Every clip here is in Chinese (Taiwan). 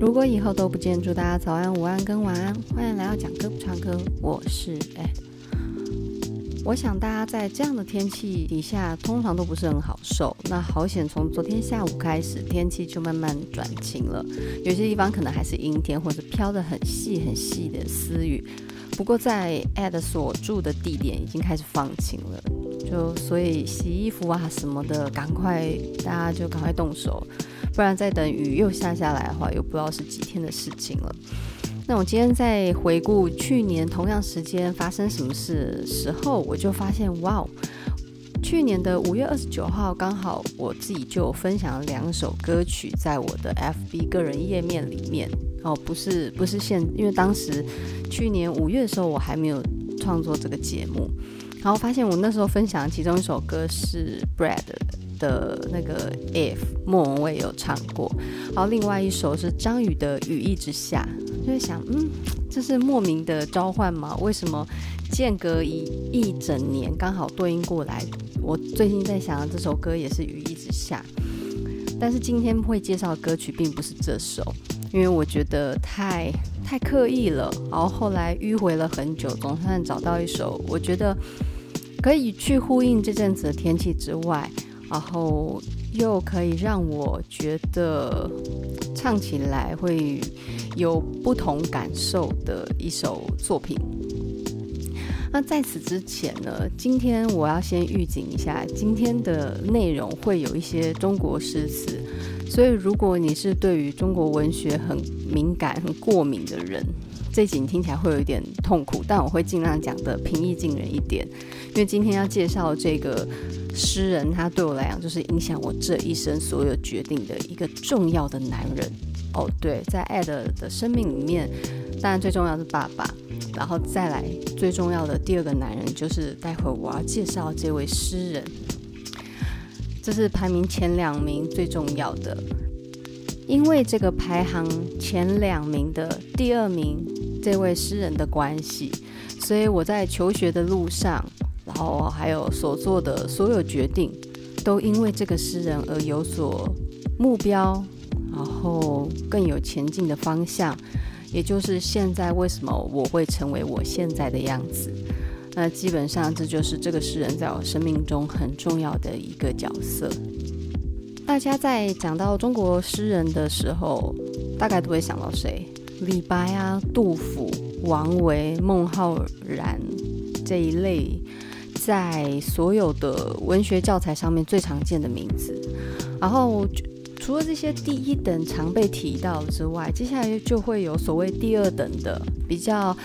如果以後都不見，祝大家早安、午安跟晚安。歡迎來到講歌不唱歌，我是艾、欸。我想大家在這樣的天氣底下，通常都不是很好受。那好險，從昨天下午開始，天氣就慢慢轉晴了。有些地方可能還是陰天，或者飄得很細很細的絲雨。不過在艾的所住的地點，已經開始放晴了。就所以洗衣服啊什麼的，趕快大家就趕快動手。不然再等雨又下下來的話，又不知道是幾天的事情了。那我今天在回顧去年同樣時間發生什麼事的時候，我就發現，哇哦，去年的五月二十九號，剛好我自己就分享了兩首歌曲在我的 FB 個人頁面裡面。哦，不是，不是現，因為當時去年五月的時候，我還沒有創作這個節目，然後發現我那時候分享其中一首歌是《Bread》。的那個《If》莫文蔚有唱過，然後另外一首是張宇的《雨一直下》，就會想，嗯，這是莫名的召喚嗎？為什麼間隔一一整年剛好對應過來？我最近在想這首歌也是雨一直下，但是今天會介紹的歌曲並不是這首，因為我覺得太太刻意了。然後後來迂回了很久，總算找到一首我覺得可以去呼應這陣子的天氣之外。然後又可以讓我覺得唱起來會有不同感受的一首作品。那在此之前呢，今天我要先預警一下，今天的內容會有一些中國詩詞，所以如果你是對於中國文學很敏感、很過敏的人，這集你聽起來會有一點痛苦，但我會盡量講得平易近人一點。因為今天要介紹這個詩人，他對我來講就是影響我這一生所有決定的一個重要的男人。哦，對，在艾德的生命裡面，當然最重要是爸爸，然後再來最重要的第二個男人就是待會我要介紹這位詩人。這是排名前兩名最重要的，因為這個排行前兩名的第二名。這位詩人的關係，所以我在求學的路上，然後還有所做的所有決定，都因為這個詩人而有所目標，然後更有前進的方向。也就是現在為什麼我會成為我現在的樣子。那基本上這就是這個詩人在我生命中很重要的一個角色。大家在講到中國詩人的時候，大概都會想到誰？李白啊，杜甫、王維、孟浩然這一類，在所有的文學教材上面最常見的名字。然後除了這些第一等常被提到之外，接下來就會有所謂第二等的比較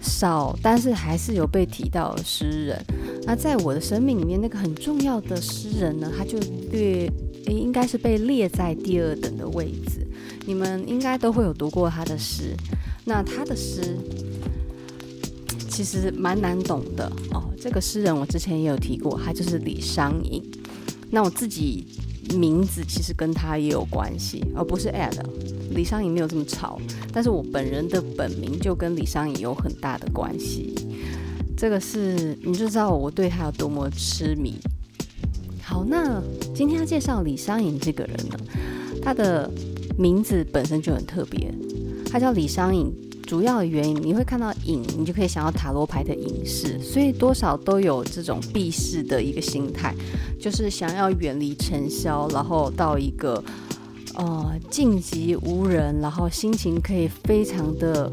少，但是還是有被提到的詩人。那在我的生命裡面，那個很重要的詩人呢，他就對應該是被列在第二等的位置。你們應該都會有讀過他的詩，那他的詩其實蠻難懂的哦。這個詩人我之前也有提過，他就是李商隱。那我自己名字其實跟他也有關係，而、哦、不是 add。李商隱沒有這麼吵，但是我本人的本名就跟李商隱有很大的關係。這個是你就知道我對他有多麼痴迷。好，那今天要介紹李商隱這個人呢，他的。名字本身就很特別，他叫李商隱。主要原因，你會看到“隱”，你就可以想到塔羅牌的隱士，所以多少都有這種避世的一個心態，就是想要遠離塵囂，然後到一個呃靜寂無人，然後心情可以非常的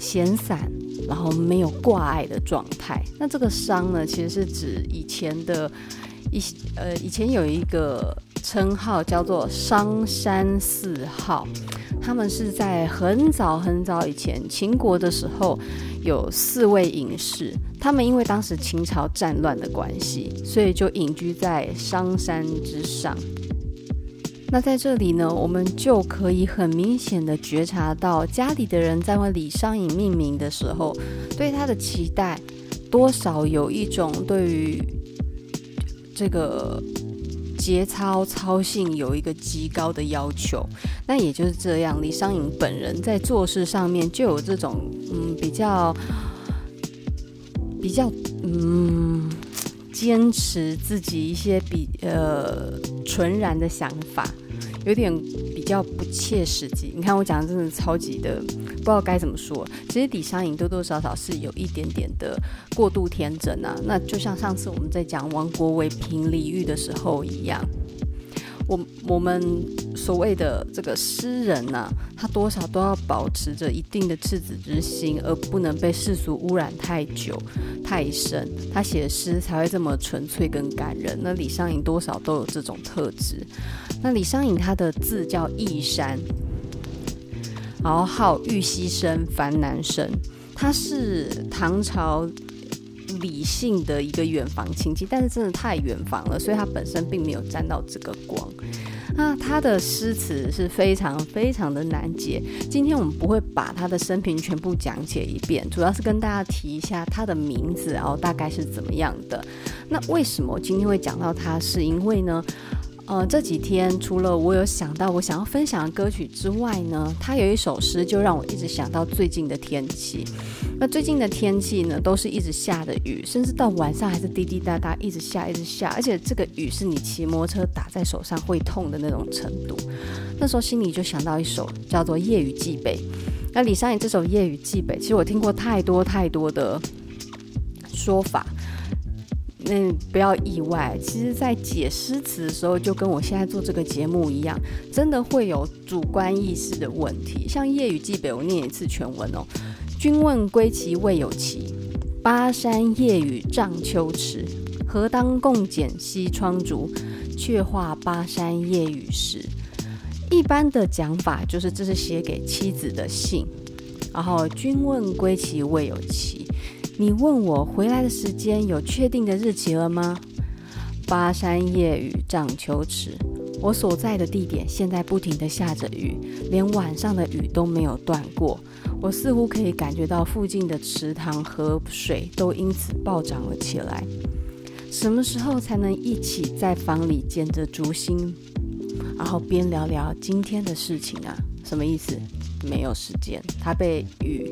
閒散，然後沒有掛礙的狀態。那這個“商”呢，其實是指以前的，一些呃以前有一個。稱號叫做商山四皓。他們是在很早很早以前，秦國的時候有四位隱士，他們因為當時秦朝戰亂的關係，所以就隱居在商山之上。那在這裡呢，我們就可以很明顯的覺察到家裡的人在為李商隱命名的時候，對他的期待，多少有一種對於這個。節操操性有一個極高的要求，那也就是這樣。李商隱本人在做事上面就有這種，嗯，比較，比較，嗯，堅持自己一些比呃純然的想法，有點比較不切實際。你看我講的真的超級的。不知道該怎麼說，其實李商隱多多少少是有一點點的過度天真啊。那就像上次我們在講王國維評李煜的時候一樣，我我們所謂的這個詩人呢、啊，他多少都要保持着一定的赤子之心，而不能被世俗污染，太久太深，他寫詩才會這麼純粹跟感人。那李商隱多少都有這種特質。那李商隱他的字叫義山。然後號玉溪生、樊南生，他是唐朝李姓的一個遠房親戚，但是真的太遠房了，所以他本身並沒有沾到這個光。那他的詩詞是非常非常的難解，今天我們不會把他的生平全部講解一遍，主要是跟大家提一下他的名字，然後、哦、大概是怎麼樣的。那為什麼我今天會講到他是，是因為呢？呃，這幾天除了我有想到我想要分享的歌曲之外呢，他有一首詩就讓我一直想到最近的天氣。那最近的天氣呢，都是一直下的雨，甚至到晚上還是滴滴答答，答一直下一直下，而且這個雨是你騎摩托車打在手上會痛的那種程度。那時候心裡就想到一首叫做《夜雨寄北》。那李商隱這首《夜雨寄北》，其實我聽過太多太多的說法。嗯，不要意外。其實，在解詩詞的時候，就跟我現在做這個節目一樣，真的會有主觀意識的問題。像《夜雨寄北》，我念一次全文哦：“君問歸期未有期，巴山夜雨漲秋池。何當共剪西窗燭，卻話巴山夜雨時。”一般的講法就是這是寫給妻子的信，然後“君問歸期未有期”。你問我回來的時間有確定的日期了嗎？巴山夜雨漲秋池，我所在的地點現在不停地下着雨，連晚上的雨都沒有斷過。我似乎可以感覺到附近的池塘和水都因此暴漲了起來。什麼時候才能一起在房裡剪著燭芯，然後邊聊聊今天的事情啊？什麼意思？沒有時間，他被雨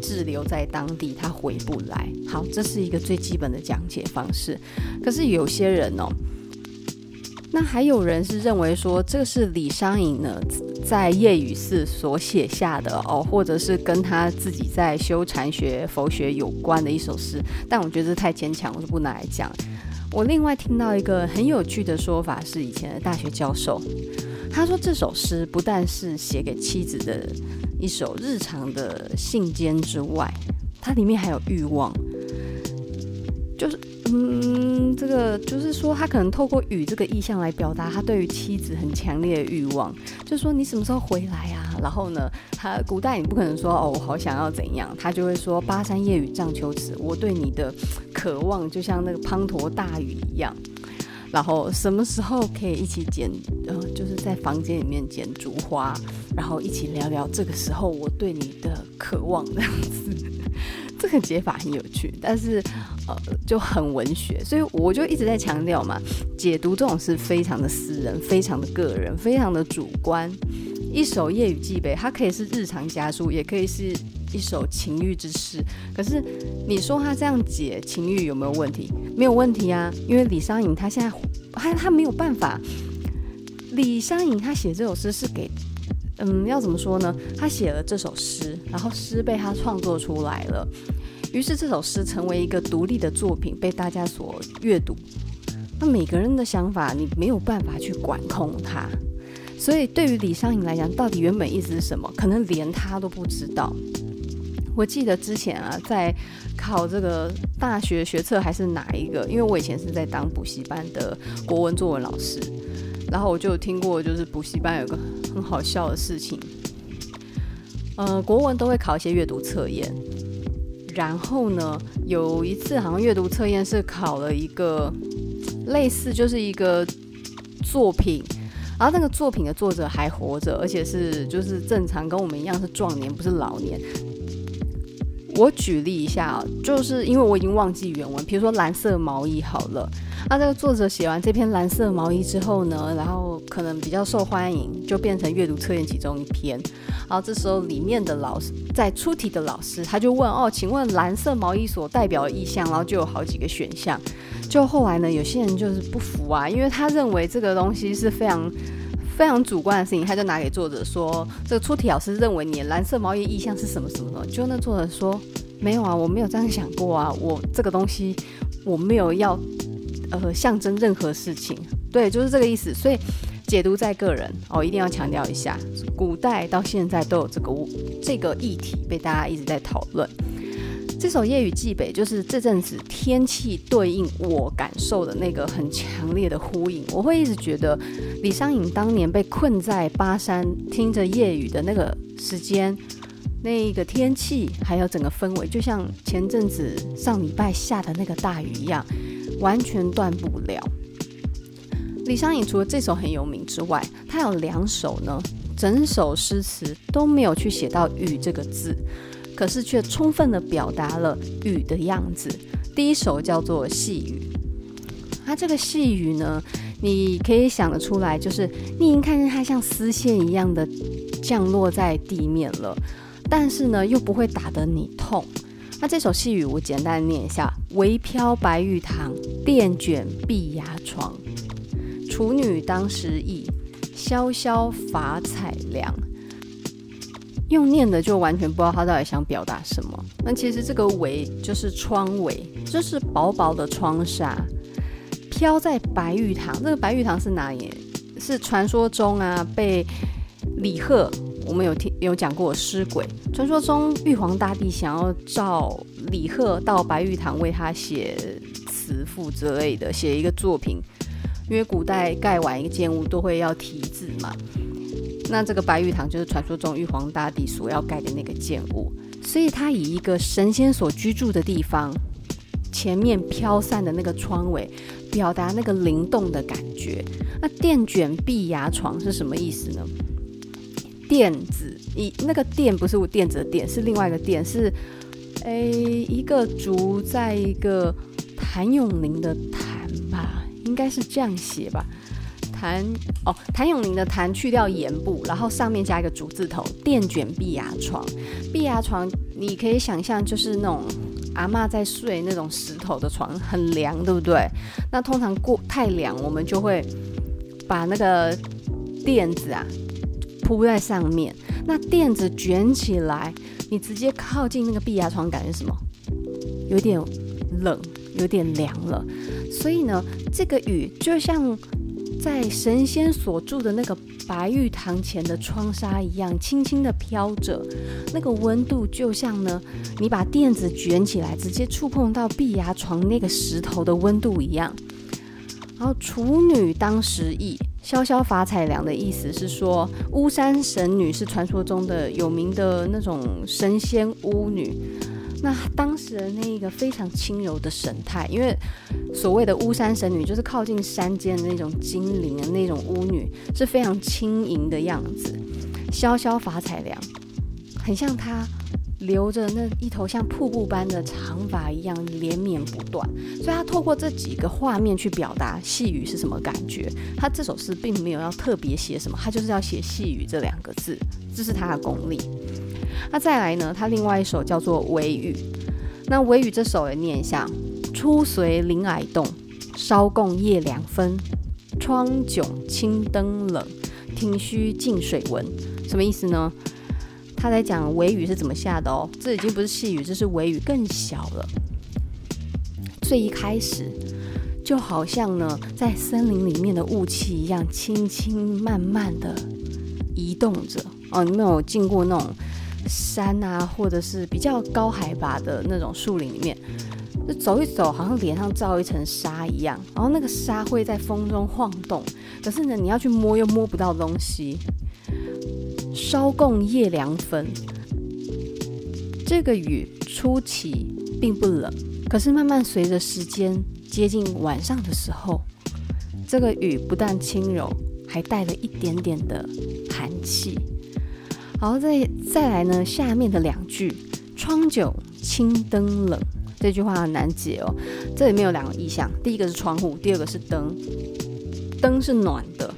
滯留在當地，他回不來。好，這是一個最基本的講解方式。可是有些人哦，那還有人是認為說，這是李商隱呢在夜雨寺所寫下的哦，或者是跟他自己在修禪學佛學有關的一首詩。但我覺得這太牽強，我就不拿來講。我另外聽到一個很有趣的說法，是以前的大學教授。他說：“這首詩不但是寫給妻子的一首日常的信箋之外，它裡面還有欲望，就是嗯，這個就是說他可能透過雨這個意象來表達他對於妻子很強烈的欲望，就說你什麼時候回來啊？然後呢，他古代你不可能說哦，我好想要怎樣，他就會說巴山夜雨漲秋池，我對你的渴望就像那個滂沱大雨一樣。”然後什麼時候可以一起剪？呃，就是在房間裡面剪燭花，然後一起聊聊這個時候我對你的渴望，這樣子。這個解法很有趣，但是呃就很文學，所以我就一直在強調嘛，解讀這種事非常的私人、非常的個人、非常的主觀。一首《夜雨寄北》，它可以是日常家書，也可以是。一首情欲之詩，可是你說他這樣解情欲有沒有問題？沒有問題啊，因為李商隱他現在他他沒有辦法。李商隱他寫這首詩是給嗯，要怎麼說呢？他寫了這首詩，然後詩被他創作出來了，於是這首詩成為一個獨立的作品，被大家所閱讀。那每個人的想法你沒有辦法去管控他。所以對於李商隱來講，到底原本意思是什麼，可能連他都不知道。我記得之前啊，在考這個大學學測還是哪一個？因為我以前是在當補習班的國文作文老師，然後我就聽過，就是補習班有個很好笑的事情。呃，國文都會考一些閱讀測驗，然後呢，有一次好像閱讀測驗是考了一個類似，就是一個作品，然後那個作品的作者還活着，而且是就是正常跟我們一樣是壯年，不是老年。我舉例一下，就是因為我已經忘記原文，比如說藍色毛衣好了，那這個作者寫完這篇藍色毛衣之後呢，然後可能比較受歡迎，就變成閱讀測驗其中一篇。然後這時候裡面的老師在出題的老師他就問哦，請問藍色毛衣所代表的意象，然後就有好幾個選項。就後來呢，有些人就是不服啊，因為他認為這個東西是非常。非常主觀的事情，他就拿給作者說：“這個出題老師認為你的藍色毛衣意象是什麼什麼的。”就那作者說：“沒有啊，我沒有這樣想過啊，我這個東西我沒有要呃象徵任何事情，對，就是這個意思。”所以解讀在個人哦，一定要強調一下，古代到現在都有這個物這個議題被大家一直在討論。這首《夜雨寄北》就是這陣子天氣對應我感受的那個很強烈的呼應。我會一直覺得，李商隱當年被困在巴山，聽着夜雨的那個時間、那個天氣，還有整個氛圍，就像前陣子上禮拜下的那個大雨一樣，完全斷不了。李商隱除了這首很有名之外，他有兩首呢，整首詩詞都沒有去寫到“雨”這個字。可是卻充分的表達了雨的樣子。第一首叫做《細雨》，它、啊、這個細雨呢，你可以想得出來，就是你已經看見它像絲線一樣的降落在地面了，但是呢又不會打得你痛。那這首《細雨》我簡單念一下：微飄白玉堂，電卷碧牙床。楚女當時意，瀟瀟髮彩涼。用念的就完全不知道他到底想表達什麼。那其實這個尾就是窗尾，就是薄薄的窗紗飄在白玉堂。這個白玉堂是哪裡？是傳說中啊，被李賀我們有聽有講過詩鬼。傳說中玉皇大帝想要召李賀到白玉堂為他寫詞賦之類的，寫一個作品，因為古代蓋完一個建物都會要題字嘛。那這個白玉堂就是傳說中玉皇大帝所要蓋的那個建物，所以它以一個神仙所居住的地方，前面飄散的那個窗帷，表達那個靈動的感覺。那簟卷碧牙床是什麼意思呢？簟字一那個簟不是墊子的墊，是另外一個簟，是誒一個竹在一個譚詠麟的譚吧，應該是這樣寫吧。譚哦，譚詠麟的“譚”去掉“言部，然後上面加一個“竹”字頭，墊卷碧牙床。碧牙床，你可以想象就是那種阿嬤在睡那種石頭的床，很涼，對不對？那通常過太涼，我們就會把那個墊子啊鋪在上面。那墊子卷起來，你直接靠近那個碧牙床，感覺什麼？有點冷，有點涼了。所以呢，這個雨就像。在神仙所住的那個白玉堂前的窗紗一樣，輕輕的飄着，那個溫度就像呢，你把墊子捲起來，直接觸碰到碧牙床那個石頭的溫度一樣。然後，楚女當時意，蕭蕭髮彩涼的意思是說，巫山神女是傳說中的有名的那種神仙巫女。那當時的那一個非常輕柔的神態，因為所謂的巫山神女就是靠近山間的那種精靈的那種巫女，是非常輕盈的樣子。蕭蕭髮彩涼，很像她留着那一頭像瀑布般的長髮一樣連綿不斷。所以她透過這幾個畫面去表達細雨是什麼感覺。她這首詩並沒有要特別寫什麼，她就是要寫細雨這兩個字，這是她的功力。那、啊、再來呢？他另外一首叫做微雨。那微雨這首也念一下：初隨林靄動，稍共夜涼分。窗迥青燈冷，庭虛近水聞。什麼意思呢？他在講微雨是怎麼下的哦。這已經不是細雨，這是微雨，更小了。最一開始，就好像呢，在森林裡面的霧氣一樣，輕輕慢慢的移動着。哦，你們有進過那種？山啊，或者是比較高海拔的那種樹林裡面，就走一走，好像臉上罩一層紗一樣。然後那個紗會在風中晃動，可是呢，你要去摸又摸不到東西。稍共夜涼分，這個雨初起並不冷，可是慢慢隨着時間接近晚上的時候，這個雨不但輕柔，還帶了一點點的寒氣。好，再再來呢，下面的兩句“窗迥青燈冷”這句話很難解哦。這裡面有兩個意象，第一個是窗戶，第二個是燈。燈是暖的，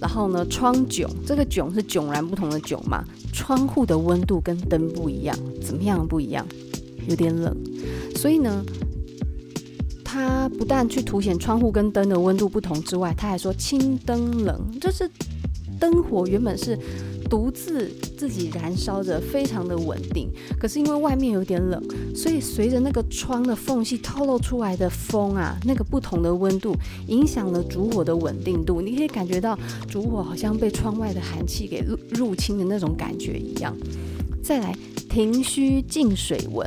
然後呢，窗迥這個迥是迥然不同的迥嘛？窗戶的溫度跟燈不一樣，怎麼樣不一樣？有點冷，所以呢，它不但去凸顯窗戶跟燈的溫度不同之外，他還說青燈冷，就是燈火原本是。獨自自己燃燒着，非常的穩定。可是因為外面有點冷，所以隨着那個窗的縫隙透露出來的風啊，那個不同的溫度影響了燭火的穩定度。你可以感覺到燭火好像被窗外的寒氣給入侵的那種感覺一樣。再來，庭虛近水聞，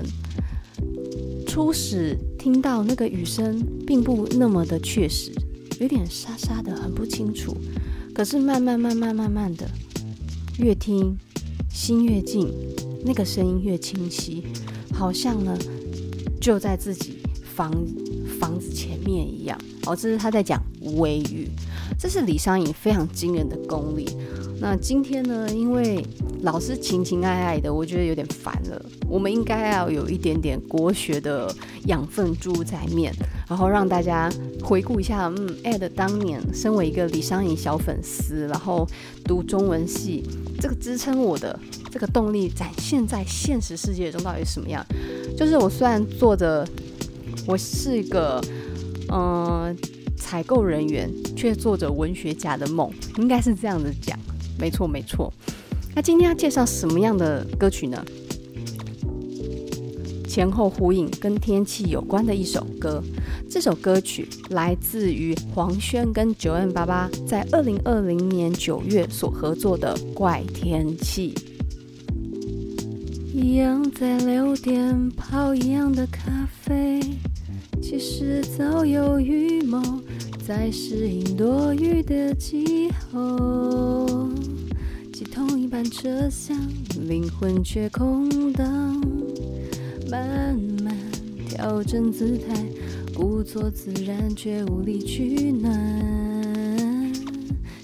初始聽到那個雨聲並不那麼的確實，有點沙沙的，很不清楚。可是慢慢慢慢慢慢的。越聽，心越靜，那個聲音越清晰，好像呢就在自己房房子前面一樣。哦，這是他在講微雨，這是李商隱非常驚人的功力。那今天呢，因為老是情情愛愛的，我覺得有點煩了。我們應該要有一點點國學的養分注入在裡面，然後讓大家回顧一下。嗯，at 當年身為一個李商隱小粉絲，然後讀中文系，這個支撐我的這個動力，展現在現實世界中到底是什麼樣？就是我雖然做着，我是一個嗯、呃、採購人員，卻做着文學家的夢，應該是這樣子講。沒錯，沒錯。那今天要介紹什麼樣的歌曲呢？前後呼應、跟天氣有關的一首歌。這首歌曲來自於黃宣跟 9m88 在二零二零年九月所合作的《怪天氣》。一樣在六點泡一樣的咖啡，其實早有預謀，在適應多雨的氣候。同一般車廂，靈魂卻空蕩。慢慢調整姿態，故作自然卻無力取暖。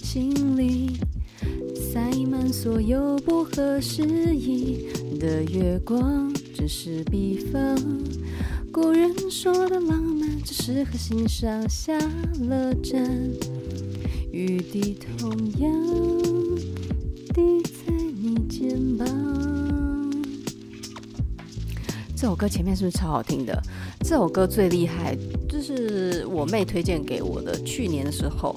心裡塞滿所有不合時宜的月光，只是比方。古人說的浪漫，只適合欣賞下了站，雨滴同樣，在你肩膀。這首歌前面是不是超好聽的？這首歌最厲害就是我妹推薦給我的，去年的時候，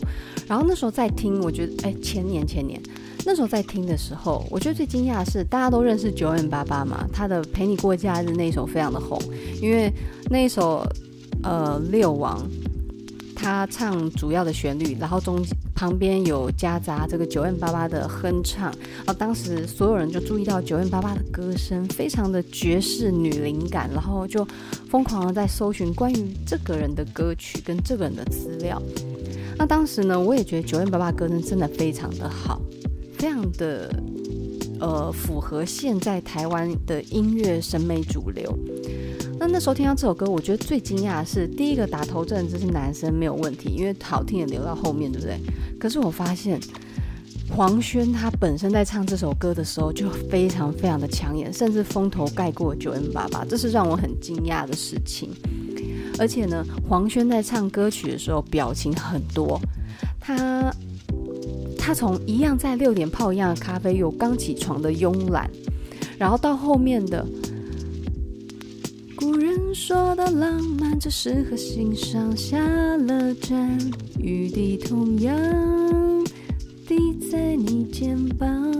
然後那時候在聽，我覺得哎，前年前年那時候在聽的時候，我覺得最驚訝的是大家都認識 9m88 嘛，他的陪你過假日那一首非常的紅，因為那一首呃六王。他唱主要的旋律，然後中間，旁邊有夾雜這個 9m88 的哼唱。啊，當時所有人就注意到 9m88 的歌聲非常的爵士女靈感，然後就瘋狂的在搜尋關於這個人的歌曲跟這個人的資料。那當時呢，我也覺得 9m88 的歌聲真的非常的好，非常的呃符合現在台灣的音樂審美主流。那那時候聽到這首歌，我覺得最驚訝的是，第一個打頭陣這是男生沒有問題，因為好聽也留到後面，對不對？可是我發現黃宣他本身在唱這首歌的時候就非常非常的搶眼，甚至風頭蓋過 9m88，這是讓我很驚訝的事情。而且呢，黃宣在唱歌曲的時候表情很多，他他從一樣在六點泡一樣的咖啡有剛起床的慵懶，然後到後面的。說的浪漫，只適合欣賞下了站，雨滴同樣滴在你肩膀。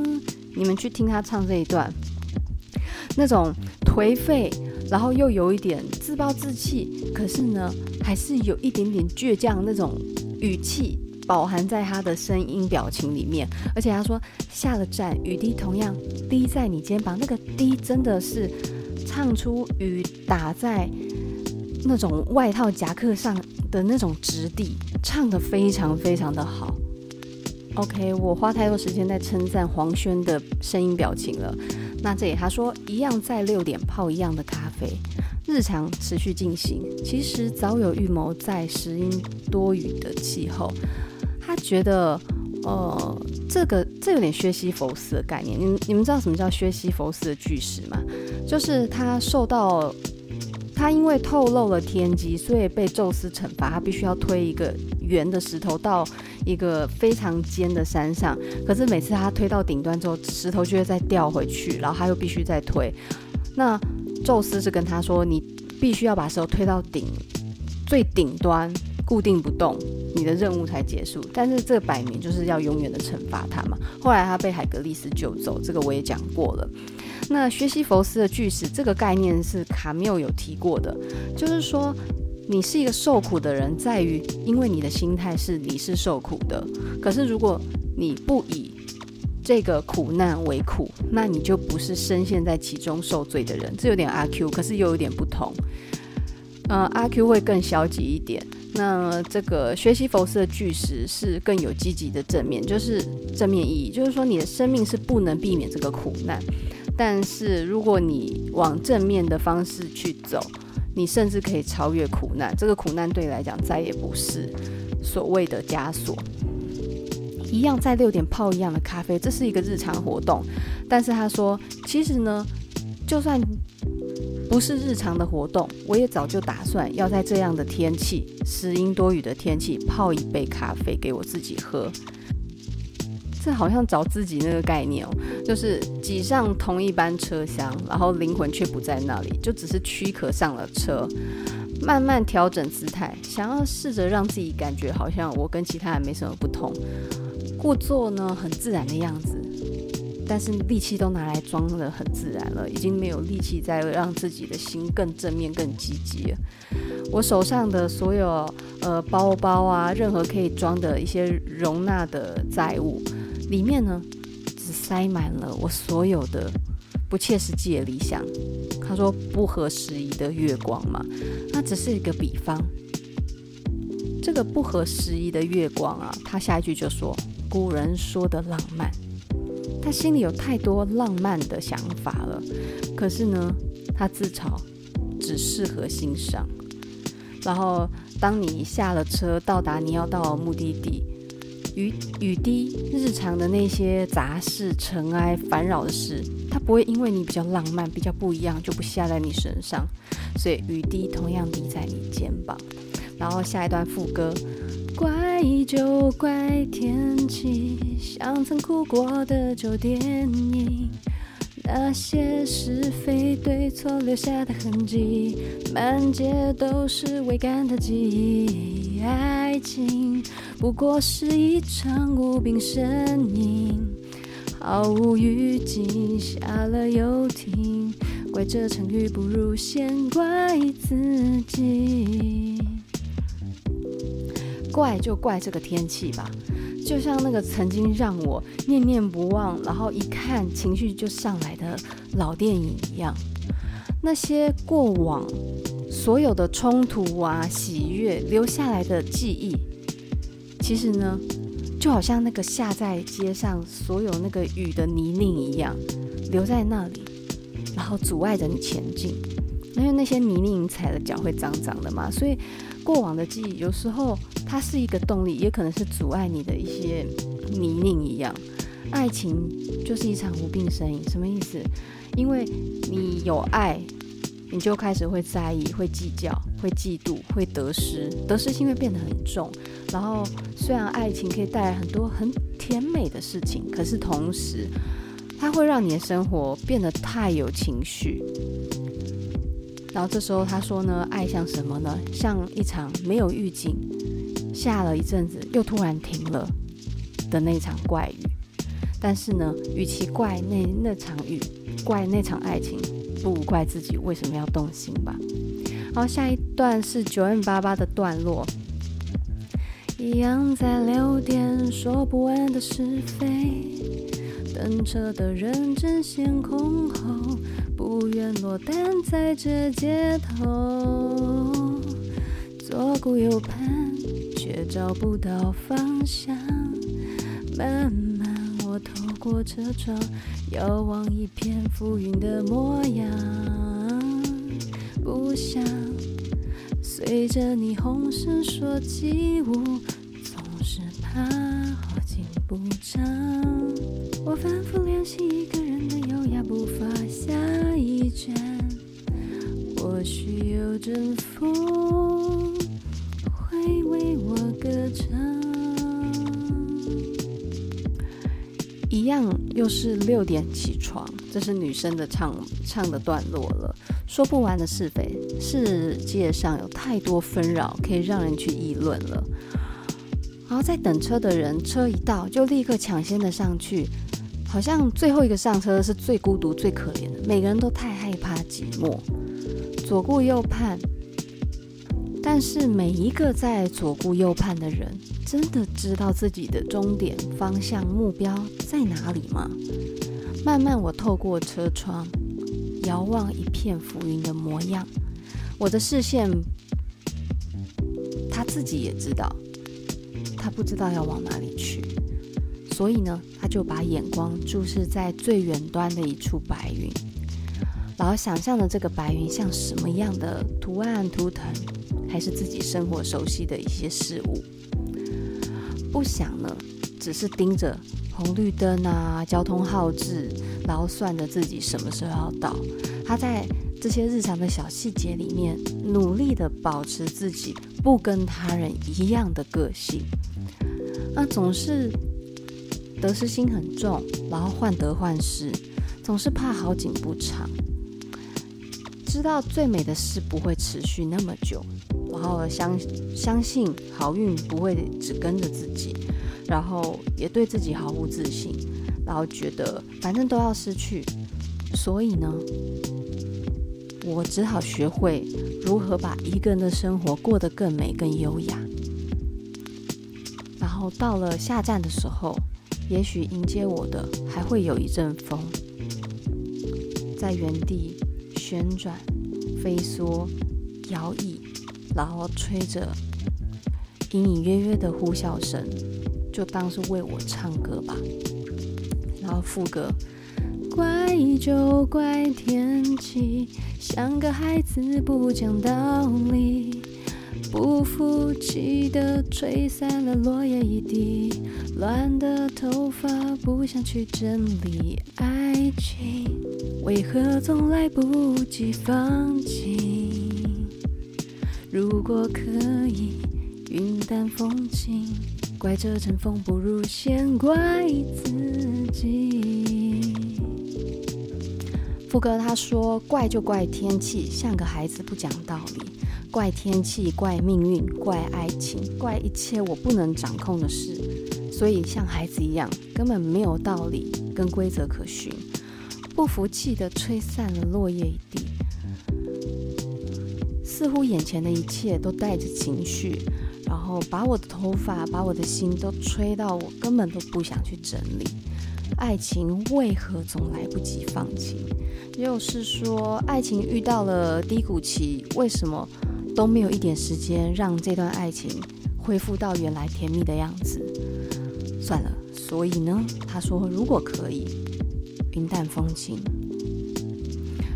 你們去聽他唱這一段，那種頹廢，然後又有一點自暴自棄，可是呢，還是有一點點倔強那種語氣，飽含在他的聲音表情裡面。而且他說下了站，雨滴同樣滴在你肩膀，那個滴真的是。唱出雨打在那種外套夾克上的那種質地，唱得非常非常的好。OK，我花太多時間在稱讚黃宣的聲音表情了。那這裡他說一樣在六點泡一樣的咖啡，日常持續進行。其實早有預謀，在濕陰多雨的氣候，他覺得，呃，這個這有點薛西佛斯的概念。你你們知道什麼叫薛西佛斯的巨石嗎？就是他受到，他因為透露了天機，所以被宙斯懲罰。他必須要推一個圓的石頭到一個非常尖的山上。可是每次他推到頂端之後，石頭就會再掉回去，然後他又必須再推。那宙斯是跟他說，你必須要把石頭推到頂，最頂端，固定不動，你的任務才結束。但是這擺明就是要永遠的懲罰他嘛。後來他被海格力斯救走，這個我也講過了。那薛西佛斯的巨石這個概念是卡繆有提過的，就是說你是一個受苦的人，在於因為你的心態是你是受苦的。可是如果你不以這個苦難為苦，那你就不是深陷在其中受罪的人。這有點阿 Q，可是又有點不同。嗯、呃，阿 Q 會更消極一點。那這個薛西佛斯的巨石是更有積極的正面，就是正面意義，就是說你的生命是不能避免這個苦難。但是如果你往正面的方式去走，你甚至可以超越苦難。這個苦難對你來講再也不是所謂的枷鎖。一樣在六點泡一樣的咖啡，這是一個日常活動。但是他說，其實呢，就算不是日常的活動，我也早就打算要在這樣的天氣，濕陰多雨的天氣，泡一杯咖啡給我自己喝。這好像找自己那個概念哦，就是擠上同一班車廂，然後靈魂卻不在那裡，就只是軀殼上了車，慢慢調整姿態，想要試着讓自己感覺好像我跟其他人沒什麼不同，故作呢很自然的樣子，但是力氣都拿來裝得很自然了，已經沒有力氣再讓自己的心更正面、更積極了。我手上的所有呃包包啊，任何可以裝的一些容納的債務。裡面呢，只塞滿了我所有的不切實際的理想。他說：“不合時宜的月光嘛，那只是一個比方。”這個不合時宜的月光啊，他下一句就說：“古人說的浪漫。”他心裡有太多浪漫的想法了，可是呢，他自嘲只適合欣賞。然後，當你下了車，到達你要到的目的地。雨雨滴，日常的那些雜事、塵埃、煩擾的事，它不會因為你比較浪漫、比較不一樣就不下在你身上，所以雨滴同樣滴在你肩膀。然後下一段副歌：怪就怪天氣，像曾哭過的舊電影，那些是非對錯留下的痕跡，滿街都是未乾的記憶，愛情。不過是一場無病呻吟，毫無預警，下了又停。怪這場雨，不如先怪自己。怪就怪這個天氣吧，就像那個曾經讓我念念不忘，然後一看情緒就上來的老電影一樣，那些過往所有的衝突啊、喜悅留下來的記憶。其實呢，就好像那個下在街上所有那個雨的泥濘一樣，留在那裡，然後阻礙着你前進，因為那些泥濘踩的腳會髒髒的嘛。所以，過往的記憶有時候它是一個動力，也可能是阻礙你的一些泥濘一樣。愛情就是一場無病呻吟，什麼意思？因為你有愛。你就開始會在意，會計較，會嫉妒，會得失，得失心會變得很重。然後雖然愛情可以帶來很多很甜美的事情，可是同時它會讓你的生活變得太有情緒。然後這時候他說呢，愛像什麼呢？像一場沒有預警、下了一陣子又突然停了的那場怪雨。但是呢，與其怪那那場雨，怪那場愛情。不怪自己為什麼要動心吧。好，下一段是 9m88 的段落。一樣在六點說不完的是非，等車的人爭先恐後，不願落單在這街頭，左顧右盼卻找不到方向。慢慢。我透過車窗遙望一片浮雲的模樣，不想隨着霓虹閃爍起舞。六點起床，這是女生的唱唱的段落了。說不完的是非，世界上有太多紛擾可以讓人去議論了。然後在等車的人，車一到就立刻搶先的上去，好像最後一個上車是最孤獨、最可憐的。每個人都太害怕寂寞，左顧右盼。但是每一個在左顧右盼的人，真的知道自己的終點、方向、目標在哪裡嗎？慢慢，我透過車窗遙望一片浮雲的模樣。我的視線，他自己也知道，他不知道要往哪裡去，所以呢，他就把眼光注視在最遠端的一處白雲，然後想象的這個白雲像什麼樣的圖案、圖騰，還是自己生活熟悉的一些事物。不想呢。只是盯着紅綠燈啊，交通號志，然後算着自己什麼時候要到。他在這些日常的小細節裡面，努力地保持自己不跟他人一樣的個性。那總是得失心很重，然後患得患失，總是怕好景不長，知道最美的事不會持續那麼久，然後相相信好運不會只跟着自己。然後也對自己毫無自信，然後覺得反正都要失去，所以呢，我只好學會如何把一個人的生活過得更美、更優雅。然後到了下站的時候，也許迎接我的還會有一陣風，在原地旋轉、飛梭、搖曳，然後吹着隱隱約約的呼嘯聲。就當是為我唱歌吧，然後副歌，怪就怪天氣，像個孩子不講道理，不服氣的吹散了落葉一地，亂的頭髮不想去整理，愛情為何總來不及放晴？如果可以，雲淡風輕。怪這陣風，不如先怪自己。副歌他說：“怪就怪天氣，像個孩子不講道理。怪天氣，怪命運，怪愛情，怪一切我不能掌控的事。所以像孩子一樣，根本沒有道理跟規則可循。”不服氣的吹散了落葉一地，似乎眼前的一切都帶着情緒。然後把我的頭髮，把我的心都吹到我根本都不想去整理。愛情為何總來不及放晴？又是說愛情遇到了低谷期，為什麼都沒有一點時間讓這段愛情恢復到原來甜蜜的樣子？算了，所以呢，他說如果可以，雲淡風輕；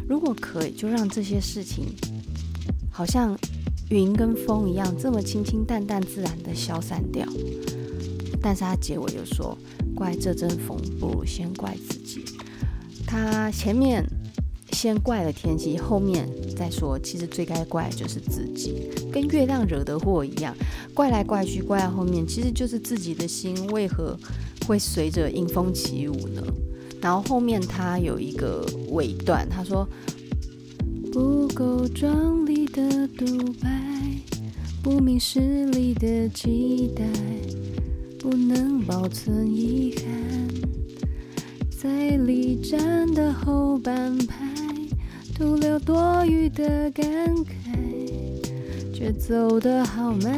如果可以，就讓這些事情好像。雲跟風一樣，這麼清清淡淡、自然的消散掉。但是他結尾又說，怪這陣風，不如先怪自己。他前面先怪了天氣，後面再說，其實最該怪的就是自己，跟月亮惹的禍一樣，怪來怪去，怪到後面，其實就是自己的心為何會隨着迎風起舞呢？然後後面他有一個尾段，他說不夠壯麗，的獨白，不明事理的期待，不能保存遺憾，在離站的後半排，徒留多餘的感慨，卻走得好慢。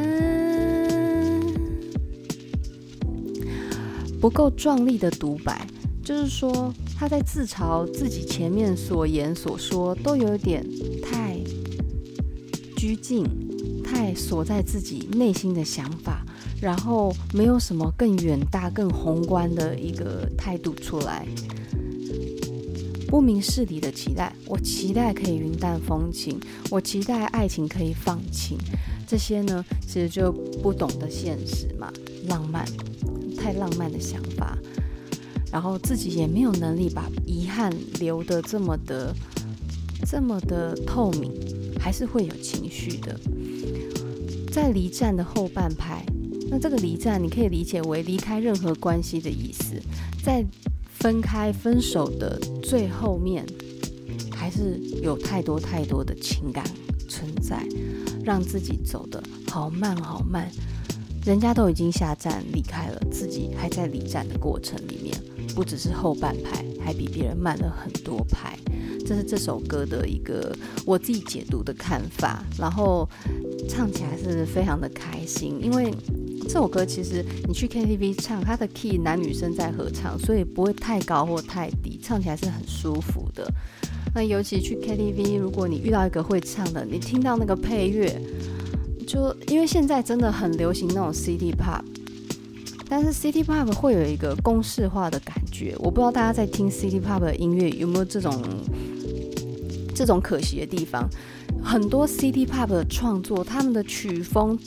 不夠壯麗的獨白，就是說他在自嘲自己前面所言所說，都有點太。拘謹，太鎖在自己內心的想法，然後沒有什麼更遠大、更宏觀的一個態度出來。不明事理的期待，我期待可以雲淡風輕，我期待愛情可以放晴，這些呢，其實就不懂得現實嘛，浪漫，太浪漫的想法，然後自己也沒有能力把遺憾留得這麼的，這麼的透明。還是會有情緒的，在離站的後半拍，那這個離站你可以理解為離開任何關係的意思，在分開分手的最後面，還是有太多太多的情感存在，讓自己走得好慢好慢，人家都已經下站離開了，自己還在離站的過程裡面，不只是後半拍，還比別人慢了很多拍。這是這首歌的一個我自己解讀的看法，然後唱起來是非常的開心，因為這首歌其實你去 KTV 唱，它的 key 男女生在合唱，所以不會太高或太低，唱起來是很舒服的。那尤其去 KTV，如果你遇到一個會唱的，你聽到那個配樂，就因為現在真的很流行那種 City Pop，但是 City Pop 會有一個公式化的感覺，我不知道大家在聽 City Pop 的音樂有沒有這種。這種可惜的地方，很多 City Pop 的創作，他們的曲風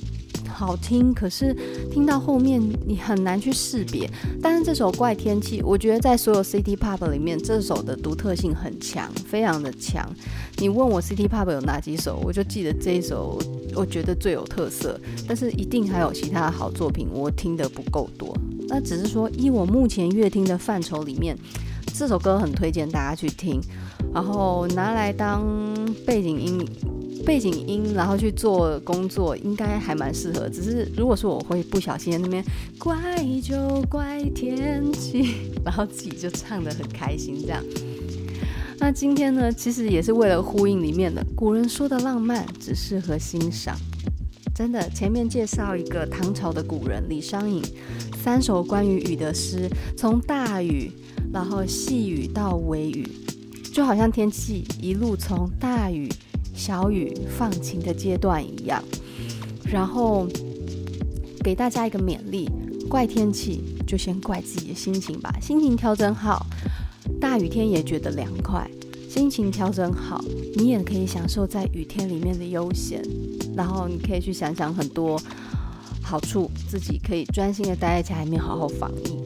好聽，可是聽到後面你很難去識別。但是這首《怪天氣》，我覺得在所有 City Pop 裡面，這首的獨特性很強，非常的強。你問我 City Pop 有哪幾首，我就記得這一首，我覺得最有特色。但是一定還有其他的好作品，我聽得不夠多。那只是說，依我目前樂聽的範疇裡面，這首歌很推薦大家去聽。然後拿來當背景音，背景音，然後去做工作，應該還蠻適合。只是如果說我會不小心，在那邊怪就怪天氣，然後自己就唱得很開心這樣。那今天呢，其實也是為了呼應裡面的古人說的浪漫，只適合欣賞。真的，前面介紹一個唐朝的古人李商隱，三首關於雨的詩，從大雨，然後細雨到微雨。就好像天氣一路從大雨、小雨放晴的階段一樣，然後給大家一個勉勵，怪天氣就先怪自己的心情吧。心情調整好，大雨天也覺得涼快；心情調整好，你也可以享受在雨天裡面的悠閒。然後你可以去想想很多好處，自己可以專心的待在家裡面好好防疫。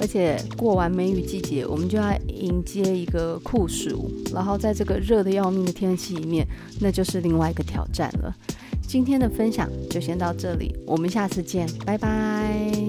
而且過完梅雨季節，我們就要迎接一個酷暑，然後在這個熱得要命的天氣裡面，那就是另外一個挑戰了。今天的分享就先到這裡，我們下次見，拜拜。